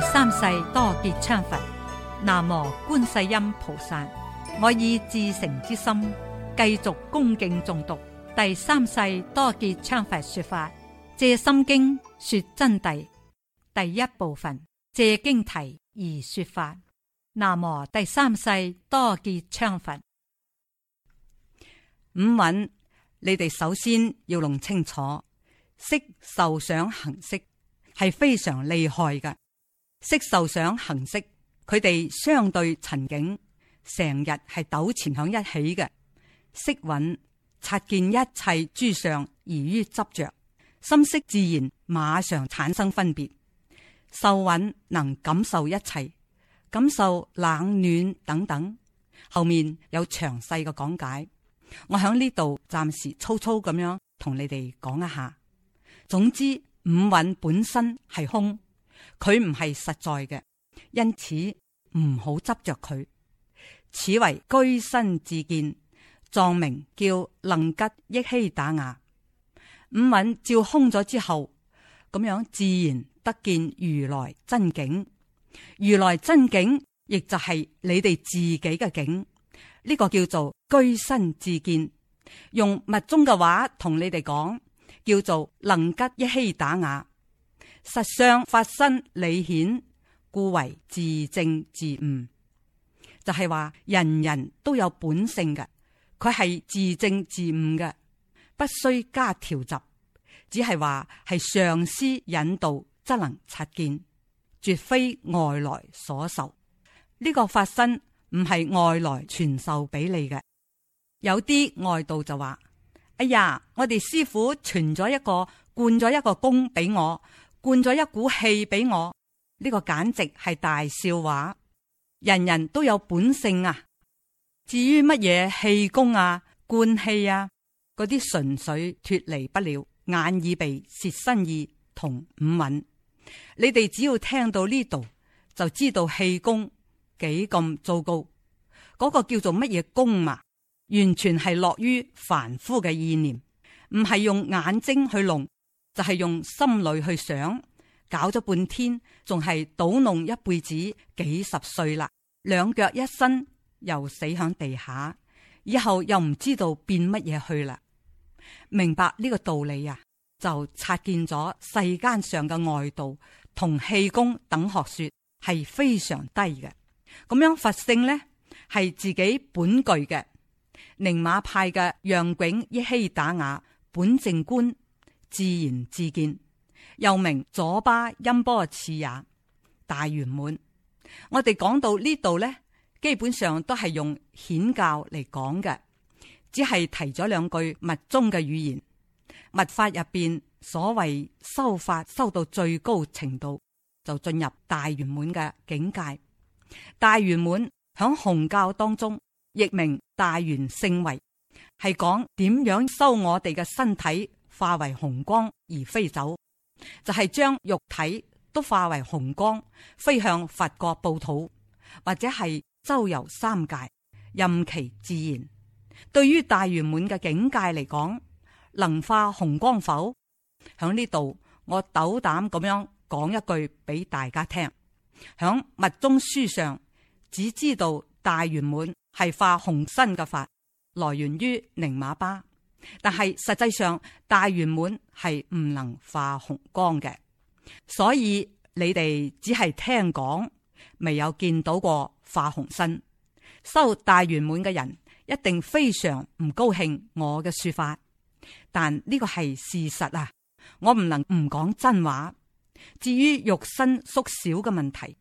第三世多杰羌佛，南無觀世音菩薩。我以至誠之心繼續恭敬誦讀《第三世多杰羌佛》說法《借心經》說真諦第一部分《借經題》而說法。南無第三世多杰羌佛。五蘊，你哋首先要弄清楚，色受想行識係非常厲害㗎。色受想行識，佢哋相對塵境，成日係糾纏喺一起嘅。色蘊察見一切諸相而於執着，心色自然馬上產生分別。受蘊能感受一切，感受冷暖等等。後面有詳細嘅講解，我喺呢度暫時粗粗咁樣同你哋講一下。總之，五蘊本身係空。佢唔係實在嘅，因此唔好執着佢。此為居身自見，藏名叫能吉益希打雅。五蘊照空咗之後，咁樣自然得見如來真境。如來真境亦就係你哋自己嘅境，呢、這個叫做居身自見。用密宗嘅話同你哋講，叫做能吉益希打雅。實相法身理顯，故為自正自悟，就係、是、話人人都有本性嘅，佢係自正自悟嘅，不需加調習，只係話係上師引導則能察見，絕非外來所受呢、這個法身唔係外來傳授俾你嘅。有啲外道就話：哎呀，我哋師父傳咗一個灌咗一個功俾我。灌咗一股氣俾我，呢個簡直係大笑話。人人都有本性啊，至於乜嘢氣功啊、灌氣啊，嗰啲純粹脫離不了眼耳鼻舌身意同五蘊。你哋只要聽到呢度，就知道氣功幾咁糟糕。嗰個叫做乜嘢功嘛，完全係落於凡夫嘅意念，唔係用眼睛去弄，就係用心裏去想，搞咗半天，仲係倒弄一輩子，幾十歲啦，兩腳一伸又死響地下，以後又唔知道變乜嘢去啦。明白呢個道理啊，就拆見咗世間上嘅外道同氣功等學說係非常低嘅。咁樣，佛性呢，係自己本具嘅。寧馬派嘅楊炯一稀打瓦，本淨觀自然自見，又名左巴音波次也大圓滿。我哋講到呢度咧，基本上都係用顯教嚟講嘅，只係提咗兩句密宗嘅語言。密法入邊，所謂修法修到最高程度，就進入大圓滿嘅境界。大圓滿響紅教當中，亦名大圓滿勝慧，係講點樣修我哋嘅身體。化為紅光而飛走，就係、是、將肉體都化為紅光，飛向佛國報土，或者係周遊三界，任其自然。對於大圓滿嘅境界嚟講，能化紅光否？響呢度，我斗膽咁樣講一句俾大家聽。響密宗書上，只知道大圓滿係化紅身嘅法，來源於寧瑪巴。但係實際上大圓滿係唔能化紅光嘅，所以你哋只係聽講，未有見到過化紅身收大圓滿嘅人一定非常唔高興我嘅說法，但呢個係事實啊！我唔能唔講真話。至於肉身縮小嘅問題，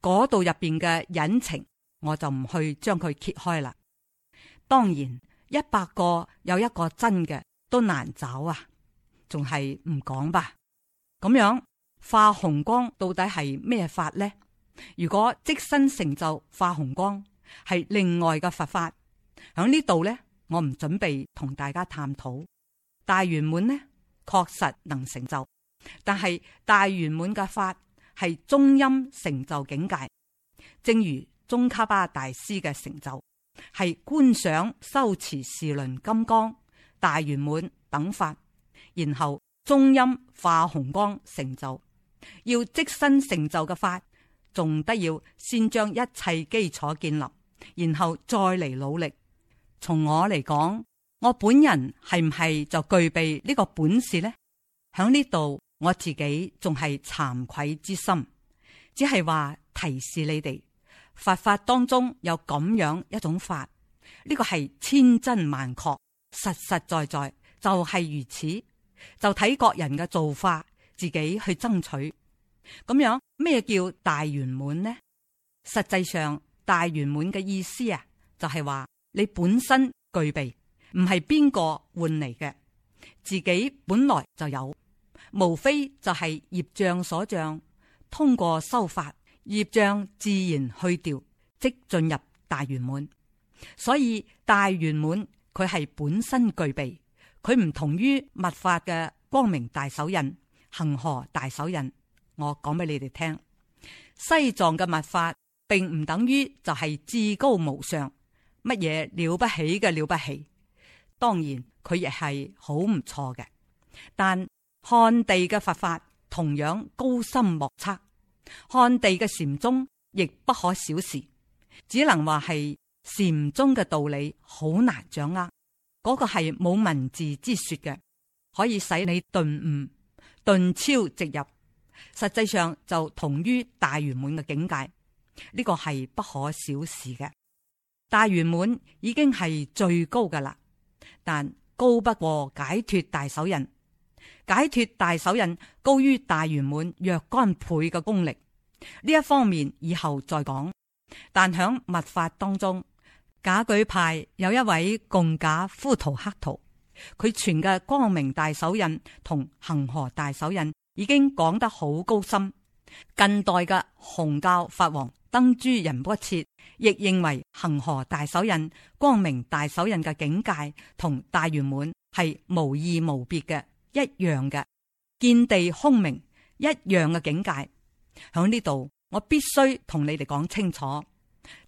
嗰度入邊嘅隱情，我就唔去將佢揭開啦。當然。一百個有一個真嘅都難找啊，仲係唔講吧？咁樣化紅光到底係咩法呢？如果即身成就化紅光係另外嘅佛法，喺呢度呢，我唔準備同大家探討。大圓滿呢，確實能成就，但係大圓滿嘅法係中陰成就境界，正如宗喀巴大師嘅成就。係觀想修持時輪金剛大圓滿等法，然後中陰化虹光成就。要即身成就嘅法，仲得要先將一切基礎建立，然後再嚟努力。從我嚟講，我本人係唔係就具備呢個本事呢？喺呢度我自己仲係慚愧之心，只係話提示你哋。佛法當中有咁樣一種法，呢個係千真萬確，實實在在就係如此。就睇各人嘅做法，自己去爭取。咁樣咩叫大圓滿呢？實際上，大圓滿嘅意思啊，就係話你本身具備，唔係邊個換嚟嘅，自己本來就有，無非就係業障所障，通過修法。業障自然去掉，即進入大圓滿。所以大圓滿佢係本身具備，佢唔同於密法嘅光明大手印、恒河大手印。我講俾你哋聽，西藏嘅密法並唔等於就係至高無上，乜嘢了不起嘅了不起。當然佢亦係好唔錯嘅，但漢地嘅佛法同樣高深莫測。漢地嘅禪宗亦不可小視，只能話係禪宗嘅道理好難掌握，嗰、那個係冇文字之說嘅，可以使你頓悟、頓超直入，實際上就同於大圓滿嘅境界，呢、這個係不可小視嘅。大圓滿已經係最高噶啦，但高不過解脫大手印。解脫大手印高於大圓滿若干倍嘅功力，呢一方面以後再講。但響密法當中，噶舉派有一位共假呼圖克圖，佢傳嘅光明大手印同恆河大手印已經講得好高深。近代嘅紅教法王登珠仁波切亦認為恆河大手印、光明大手印嘅境界同大圓滿係無異無別嘅。一樣嘅見地空明，一樣嘅境界。喺呢度，我必須同你哋講清楚。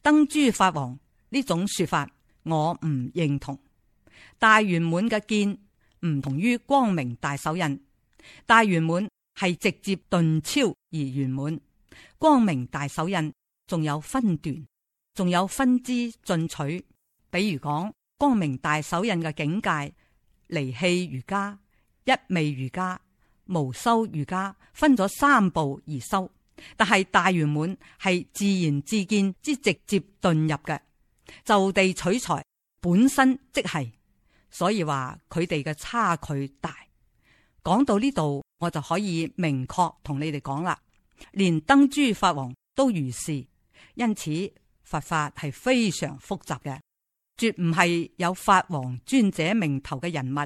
登珠法王呢種說法，我唔認同。大圓滿嘅見唔同於光明大手印。大圓滿係直接頓超而圓滿，光明大手印仲有分段，仲有分支進取。比如講，光明大手印嘅境界離棄瑜伽。一味瑜伽，無修瑜伽，分咗三步而修，但係大圓滿係自然自見之直接頓入嘅，就地取材本身即係，所以話佢哋嘅差距大。講到呢度，我就可以明確同你哋講啦，連登珠法王都如是，因此佛法係非常複雜嘅，絕唔係有法王尊者名頭嘅人物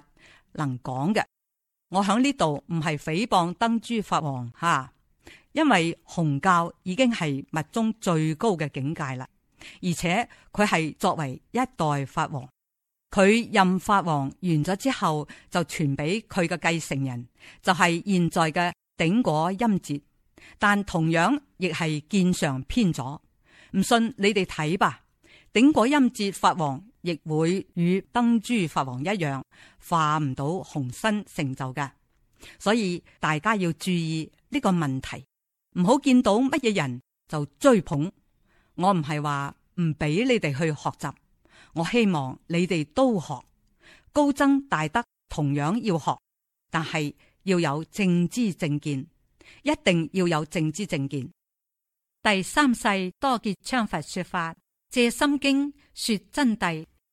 能講嘅。我喺呢度唔係誹謗登珠法王吓、啊，因為紅教已經係密宗最高嘅境界啦，而且佢係作為一代法王，佢任法王完咗之後就傳俾佢嘅繼承人，就係、是、現在嘅頂果音節，但同樣亦係見上偏咗，唔信你哋睇吧，頂果音節法王，亦會與燈珠法王一樣化唔到虹身成就嘅，所以大家要注意呢個問題，唔好見到乜嘢人就追捧。我唔係話唔俾你哋去學習，我希望你哋都學高僧大德，同樣要學，但係要有正知正見，一定要有正知正見。第三世多杰羌佛說法《借心經》說真諦。